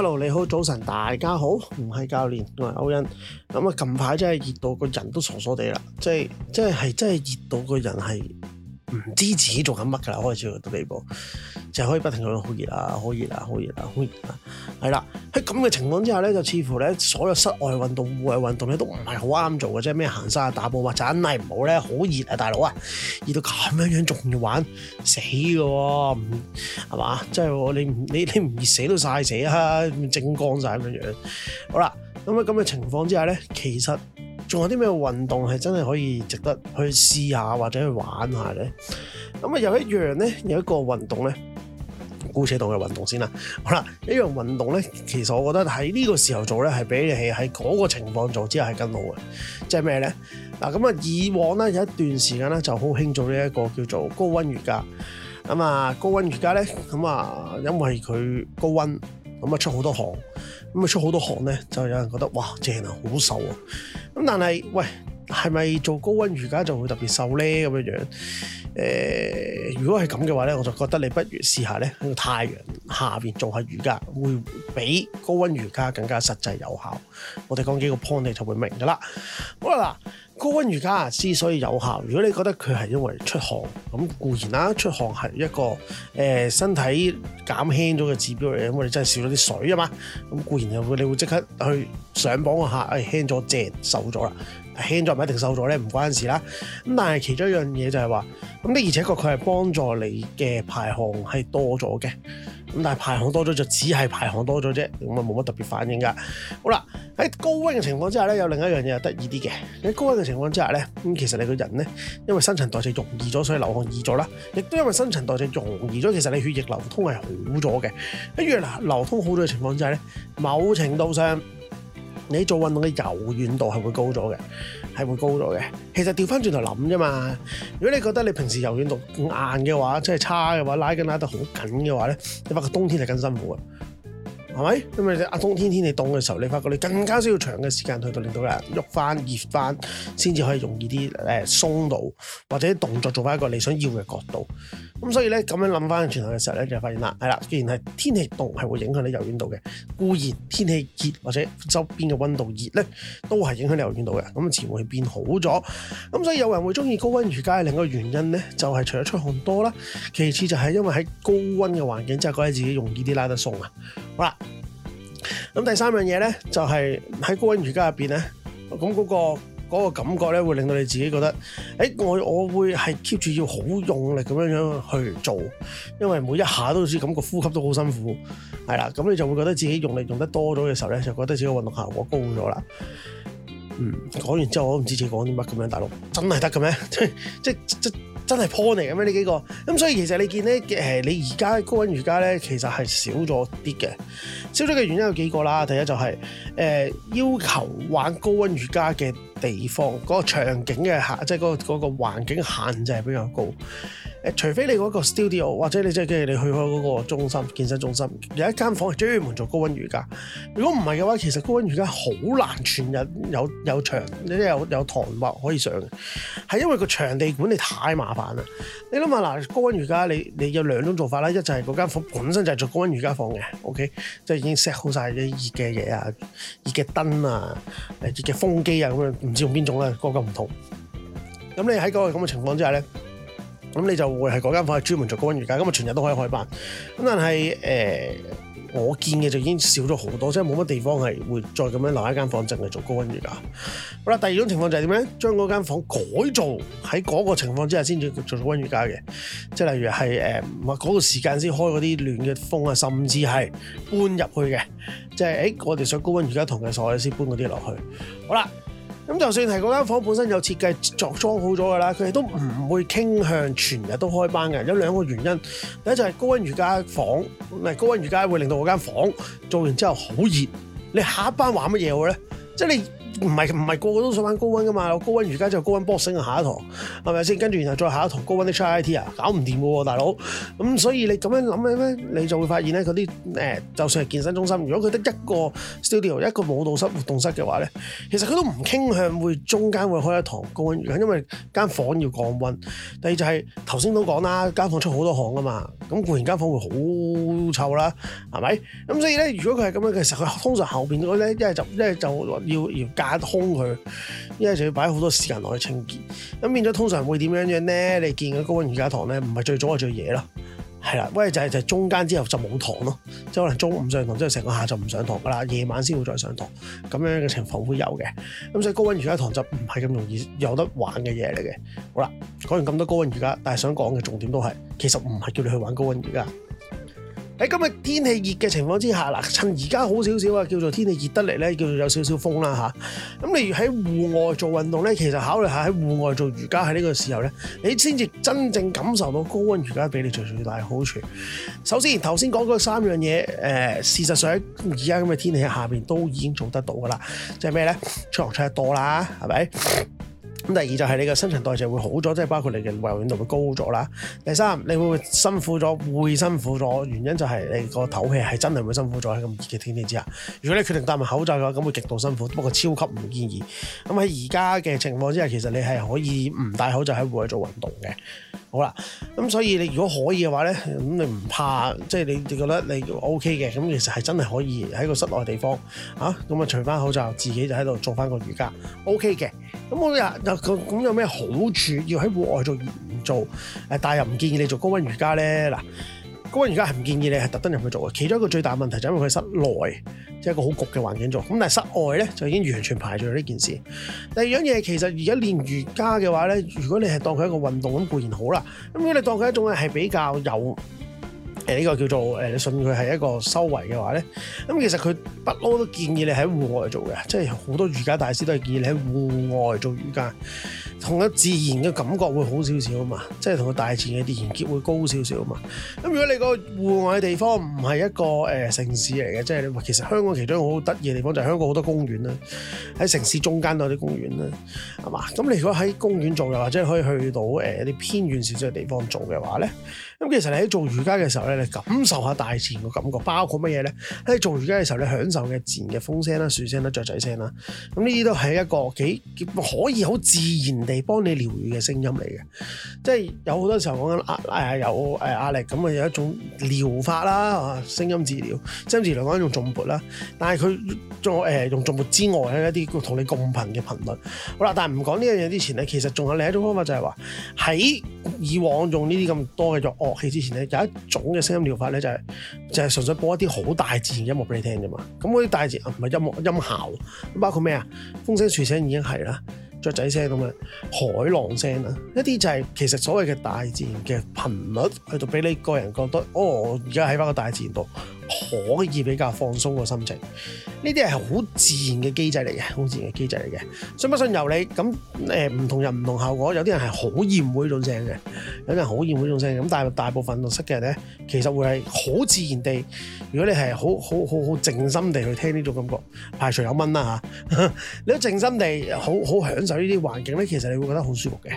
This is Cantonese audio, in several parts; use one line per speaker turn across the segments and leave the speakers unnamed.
Hello，你好，早晨，大家好，唔係教練，我係歐恩。咁啊，近排真係熱到個人都傻傻地啦，即係即係係真係熱到個人係唔知自己做緊乜㗎啦，開始到嗰啲地步。就可以不停咁樣好熱啊，好熱啊，好熱啊，好熱啊，係啦。喺咁嘅情況之下咧，就似乎咧，所有室外運動戶外運動咧都唔係好啱做嘅，即係咩行山啊、打波啊，真係唔好咧。好熱啊，大佬啊，熱到咁樣樣仲要玩死、啊，死嘅喎，係、就、嘛、是？即係你唔你你唔熱死都曬死啦、啊，蒸光晒咁樣樣。好啦，咁啊咁嘅情況之下咧，其實仲有啲咩運動係真係可以值得去試下或者去玩下咧？咁啊有一樣咧有一個運動咧。高度嘅運動先啦，好啦，這樣運呢樣運動咧，其實我覺得喺呢個時候做咧，係比你係喺嗰個情況做之後係更好嘅，即係咩咧？嗱，咁啊，以往咧有一段時間咧就好興做呢一個叫做高温瑜伽，咁啊高温瑜伽咧，咁啊因為佢高温，咁啊出好多汗，咁啊出好多汗咧，就有人覺得哇正啊，好瘦啊，咁啊，但係喂，係咪做高温瑜伽就會特別瘦咧？咁樣樣？誒、呃，如果係咁嘅話咧，我就覺得你不如試下咧喺個太陽下邊做下瑜伽，會比高溫瑜伽更加實際有效。我哋講幾個 point 你就會明噶啦。好啦。嗱，高溫瑜伽之所以有效，如果你覺得佢係因為出汗咁固然啦，出汗係一個誒身體減輕咗嘅指標嚟，因為你真係少咗啲水啊嘛，咁固然又會你會即刻去上磅啊嚇，誒輕咗正，瘦咗啦。輕咗唔一定瘦咗咧，唔關事啦。咁但係其中一樣嘢就係話，咁的而且確佢係幫助你嘅排汗係多咗嘅。咁但係排汗多咗就只係排汗多咗啫，咁啊冇乜特別反應㗎。好啦，喺高溫嘅情況之下咧，有另一樣嘢係得意啲嘅。喺高溫嘅情況之下咧，咁其實你個人咧，因為新陳代謝容易咗，所以流汗易咗啦。亦都因為新陳代謝容易咗，其實你血液流通係好咗嘅。跟住嗱，流通好咗嘅情況之下咧，某程度上。你做運動嘅柔軟度係會高咗嘅，係會高咗嘅。其實掉返轉頭諗啫嘛。如果你覺得你平時柔軟度硬嘅話，即係差嘅話，拉筋拉得好緊嘅話咧，你發覺冬天係更辛苦啊。係咪咁？咪阿冬天天氣凍嘅時候，你發覺你更加需要長嘅時間去到令到人喐翻熱翻，先至可以容易啲誒鬆到，或者動作做翻一個你想要嘅角度。咁所以咧咁樣諗翻傳統嘅時候咧，就發現啦係啦，既然係天氣凍係會影響你柔軟度嘅，固然天氣熱或者周邊嘅溫度熱咧，都係影響你柔軟度嘅。咁然會變好咗。咁所以有人會中意高溫瑜伽嘅另外一個原因咧，就係、是、除咗出汗多啦，其次就係因為喺高溫嘅環境之下，就是、覺得自己容易啲拉得鬆啊。好啦，咁第三樣嘢咧，就係、是、喺高温瑜伽入邊咧，咁嗰、那個、那個感覺咧，會令到你自己覺得，誒、欸，我我會係 keep 住要好用力咁樣樣去做，因為每一下都好似感覺呼吸都好辛苦，係啦，咁你就會覺得自己用力用得多咗嘅時候咧，就覺得自己運動效果高咗啦。嗯，講完之後我都唔知自己講啲乜咁樣，大佬真係得嘅咩？即即即。真係 porn 嚟嘅咩呢幾個？咁、嗯、所以其實你見咧誒，你而家高温瑜伽咧，其實係少咗啲嘅。少咗嘅原因有幾個啦。第一就係、是、誒、呃、要求玩高温瑜伽嘅地方嗰個場景嘅限，即係嗰個嗰個環境限制係比較高。誒，除非你嗰個 studio，或者你即係你去開嗰個中心健身中心，有一間房係專門做高溫瑜伽。如果唔係嘅話，其實高溫瑜伽好難全日有有場，你都有有堂或可以上嘅，係因為個場地管理太麻煩啦。你諗下嗱，高溫瑜伽你你有兩種做法啦，一就係嗰間房本身就係做高溫瑜伽房嘅，OK，即係已經 set 好晒啲熱嘅嘢啊、熱嘅燈啊、熱嘅風機啊咁樣，唔知用邊種啦，個個唔同。咁你喺嗰個咁嘅情況之下咧？咁你就會係嗰間房係專門做高溫瑜伽，咁啊全日都可以開班。咁但係誒、呃，我見嘅就已經少咗好多，即係冇乜地方係會再咁樣留一間房淨係做高溫瑜伽。好啦，第二種情況就係點咧？將嗰間房改造喺嗰個情況之下先至做高溫瑜伽嘅，即係例如係誒，話、呃、嗰、嗰個時間先開嗰啲暖嘅風啊，甚至係搬入去嘅，即係誒，我哋想高溫瑜伽，同嘅時候先搬嗰啲落去。好啦。咁就算係嗰間房本身有設計作裝好咗嘅啦，佢哋都唔會傾向全日都開班嘅。有兩個原因，第一就係高溫瑜伽房，係高溫瑜伽會令到嗰間房做完之後好熱。你下一班玩乜嘢好咧？即係你。唔係唔係個個都想玩高溫噶嘛？高溫而家就高溫 boxing 下一堂係咪先？跟住然後再下一堂高溫 HIT 啊，搞唔掂喎，大佬。咁所以你咁樣諗起咧，你就會發現咧，嗰、呃、啲就算係健身中心，如果佢得一個 studio 一個舞蹈室、活動室嘅話咧，其實佢都唔傾向會中間會開一堂高溫瑜珈，因為間房要降溫。第二就係頭先都講啦，間房出好多汗啊嘛，咁固然間房會好臭啦，係咪？咁所以咧，如果佢係咁樣，其實佢通常後邊嗰咧一係就一係就要要。要要隔空佢，因為就要擺好多時間落去清潔，咁變咗，通常會點樣樣咧？你見個高温瑜伽堂咧，唔係最早最，係最嘢咯，係啦。喂，就係、是、就係、是、中間之後就冇堂咯，即係可能中午上堂，之後成個下晝唔上堂噶啦，夜晚先會再上堂咁樣嘅情況會有嘅。咁所以高温瑜伽堂就唔係咁容易有得玩嘅嘢嚟嘅。好啦，講完咁多高温瑜伽，但係想講嘅重點都係其實唔係叫你去玩高温瑜伽。喺今日天，天氣熱嘅情況之下，嗱，趁而家好少少啊，叫做天氣熱得嚟咧，叫做有少少風啦嚇。咁例如喺戶外做運動咧，其實考慮下喺戶外做瑜伽喺呢個時候咧，你先至真正感受到高溫瑜伽俾你最最大嘅好處。首先頭先講嗰三樣嘢，誒、呃，事實上而家咁嘅天氣下邊都已經做得到噶啦，即係咩咧？出汗出得多啦，係咪？咁第二就係你個新陳代謝會好咗，即係包括你嘅運動量會高咗啦。第三，你會唔會辛苦咗？會辛苦咗。原因就係你個透氣係真係會辛苦咗喺咁熱嘅天氣之下。如果你決定戴埋口罩嘅話，咁會極度辛苦，不過超級唔建議。咁喺而家嘅情況之下，其實你係可以唔戴口罩喺戶外做運動嘅。好啦，咁所以你如果可以嘅話咧，咁你唔怕，即係你你覺得你 OK 嘅，咁其實係真係可以喺個室內地方啊，咁啊除翻口罩，自己就喺度做翻個瑜伽，OK 嘅。咁我又咁有咩好處？要喺戶外做唔做？誒，但係又唔建議你做高溫瑜伽咧嗱。咁而家係唔建議你係特登入去做嘅，其中一個最大問題就係因為佢室內即係、就是、一個好焗嘅環境做，咁但係室外咧就已經完全排除咗呢件事。第二樣嘢其實而家練瑜伽嘅話咧，如果你係當佢一個運動咁固然好啦，咁如果你當佢一種係比較有。誒、這、呢個叫做誒你信佢係一個修為嘅話咧，咁其實佢不嬲都建議你喺戶外做嘅，即係好多瑜伽大師都係建議你喺戶外做瑜伽，同一自然嘅感覺會好少少啊嘛，即係同個大自然嘅連結會高少少啊嘛。咁如果你個戶外嘅地方唔係一個誒、呃、城市嚟嘅，即係其實香港其中好得意嘅地方就係香港好多公園啦，喺城市中間都有啲公園啦，係嘛？咁你如果喺公園做又或者可以去到誒一啲偏遠少少嘅地方做嘅話咧，咁其實你喺做瑜伽嘅時候咧。感受下大自然嘅感覺，包括乜嘢咧？喺做瑜伽嘅時候，你享受嘅自然嘅風聲啦、樹聲啦、雀仔聲啦，咁呢啲都係一個幾，幾可以好自然地幫你療愈嘅聲音嚟嘅。即係有好多時候講緊壓，誒、啊啊、有誒壓、啊、力咁啊，有一種療法啦，嚇聲音治療，聲音治療講緊用重撥啦，但係佢仲誒用重撥之外咧，一啲叫同你共頻嘅頻率。好啦，但係唔講呢樣嘢之前咧，其實仲有另一種方法就係話喺以往用呢啲咁多嘅樂樂，樂器之前咧，有一種嘅。聲音療法咧就係、是、就係、是、純粹播一啲好大自然音樂俾你聽啫嘛，咁嗰啲大自然唔係音樂音效，包括咩啊，風聲、樹聲已經係啦，雀仔聲咁樣海浪聲啊，一啲就係其實所謂嘅大自然嘅頻率去到俾你個人覺得，哦而家喺翻個大自然度可以比較放鬆個心情，呢啲係好自然嘅機制嚟嘅，好自然嘅機制嚟嘅，信不信由你，咁誒唔同人唔同效果，有啲人係好厭會呢種聲嘅。有啲人好厭嗰種聲咁，但係大部分綠色嘅人咧，其實會係好自然地，如果你係好好好好靜心地去聽呢種感覺，排除有蚊啦嚇，你都靜心地好好享受呢啲環境咧，其實你會覺得好舒服嘅。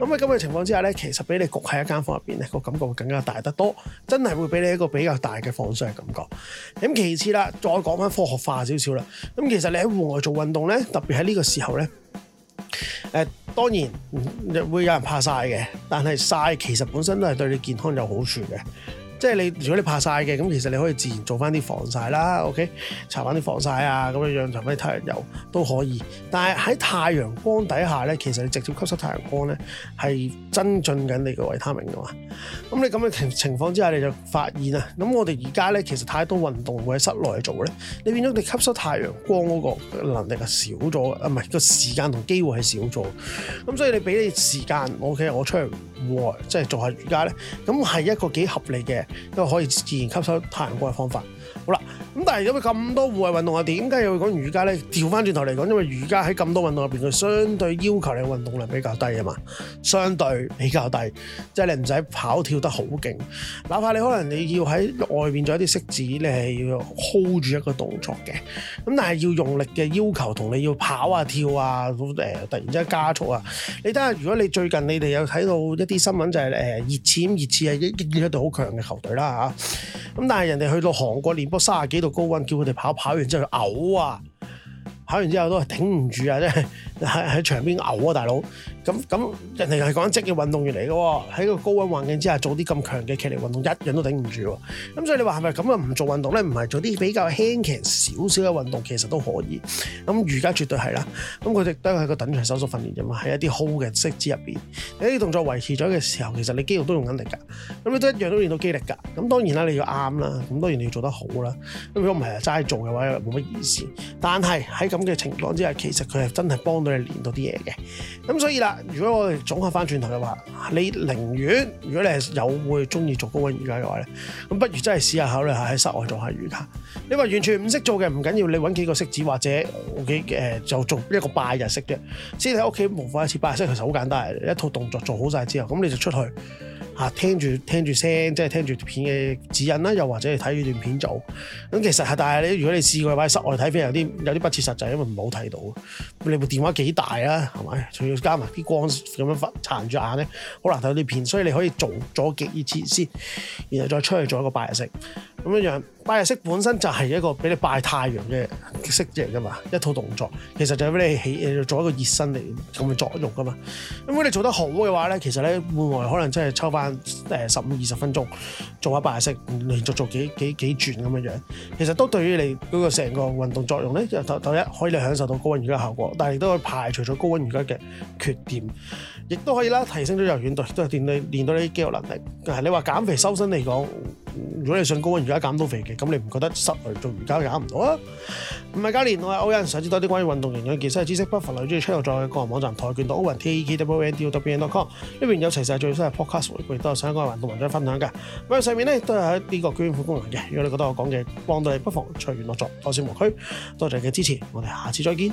咁喺咁嘅情況之下咧，其實俾你焗喺一間房入邊咧，個感覺會更加大得多，真係會俾你一個比較大嘅放鬆嘅感覺。咁其次啦，再講翻科學化少少啦。咁其實你喺戶外做運動咧，特別喺呢個時候咧。誒，當然會有人怕曬嘅，但係曬其實本身都係對你健康有好處嘅。即係你，如果你怕晒嘅，咁其實你可以自然做翻啲防曬啦，OK？搽翻啲防曬啊，咁樣樣，搽翻啲太陽油都可以。但係喺太陽光底下咧，其實你直接吸收太陽光咧，係增進緊你個維他命㗎嘛。咁你咁嘅情情況之下，你就發現啊，咁我哋而家咧，其實太多運動會喺室內做咧，你變咗你吸收太陽光嗰個能力係少咗，啊唔係個時間同機會係少咗。咁所以你俾你時間，我其實，OK？我出去，即係做下瑜伽咧，咁係一個幾合理嘅。因為可以自然吸收太陽光嘅方法，好啦。咁但係因為咁多戶外運動啊，點解又會講瑜伽咧？調翻轉頭嚟講，因為瑜伽喺咁多運動入邊佢相對要求你運動量比較低啊嘛，相對比較低，即係你唔使跑跳得好勁，哪怕你可能你要喺外邊做一啲式子，你係要 hold 住一個動作嘅。咁但係要用力嘅要求同你要跑啊跳啊誒突然之間加速啊，你睇下如果你最近你哋有睇到一啲新聞就係誒熱刺熱刺係一一支好強嘅球隊啦吓，咁但係人哋去到韓國練波卅幾度。高溫叫佢哋跑，跑完之後嘔啊！跑完之後都係頂唔住啊，即係喺喺場邊嘔啊，大佬。咁咁人哋係講職業運動員嚟嘅喎，喺個高溫環境之下做啲咁強嘅劇烈運動，一樣都頂唔住喎，哦。咁所以你話係咪咁啊？唔做運動咧，唔係做啲比較輕鬆少少嘅運動，其實都可以。咁瑜伽絕對係啦。咁佢哋都係個等長手術訓練啫嘛，喺一啲 hold 嘅式子入邊。啲動作維持咗嘅時候，其實你肌肉都用緊力㗎。咁你都一樣都練到肌力㗎。咁當然啦，你要啱啦。咁當然你要做得好啦。如果唔係啊，齋做嘅話，冇乜意思。但係喺咁嘅情況之下，其實佢係真係幫到你練到啲嘢嘅。咁所以啦。如果我哋總下翻轉頭嘅話，你寧願如果你係有會中意做高溫瑜伽嘅話咧，咁不如真係試下考慮下喺室外做下瑜伽。你話完全唔識做嘅唔緊要，你揾幾個式子或者幾誒、呃、就做一個拜日式啫。先喺屋企模仿一次拜日式，其實好簡單，一套動作做好晒之後，咁你就出去。啊，聽住聽住聲，即係聽住片嘅指引啦，又或者你睇住段片做。咁其實係，但係你如果你試過喺室外睇片，有啲有啲不切實際，因為唔好睇到。你部電話幾大啊？係咪？仲要加埋啲光咁樣煩，殘住眼咧，好難睇到啲片。所以你可以做咗幾次先，然後再出去做一個拜日式。咁樣拜日式本身就係一個俾你拜太陽嘅儀式嚟噶嘛，一套動作其實就俾你起你做一個熱身嚟咁嘅作用噶嘛。咁如果你做得好嘅話咧，其實咧，戶外可能真係抽翻誒十五二十分鐘做下拜日式，連續做幾幾幾轉咁樣樣，其實都對於你嗰個成個運動作用咧，就第一可以你享受到高温瑜伽效果，但係亦都可以排除咗高温瑜伽嘅缺點。亦都可以啦，提升咗柔軟度，都係鍛鍊鍛到你肌肉能力。但係你話減肥收身嚟講，如果你想高溫瑜伽減到肥嘅，咁你唔覺得室內做瑜伽減唔到啊？唔係，教練我係歐文，想知多啲關於運動營養健身嘅知識，不妨留意住 c h a n 嘅個人網站跆拳道歐文 taekwondowen.com。呢邊有齊晒最新嘅 podcast 回顧，亦都有相關運動文章分享嘅。咁啊，上面咧都係喺呢個捐款功能嘅。如果你覺得我講嘅幫到你，不妨隨緣樂助，多少唔拘，多謝你嘅支持，我哋下次再見。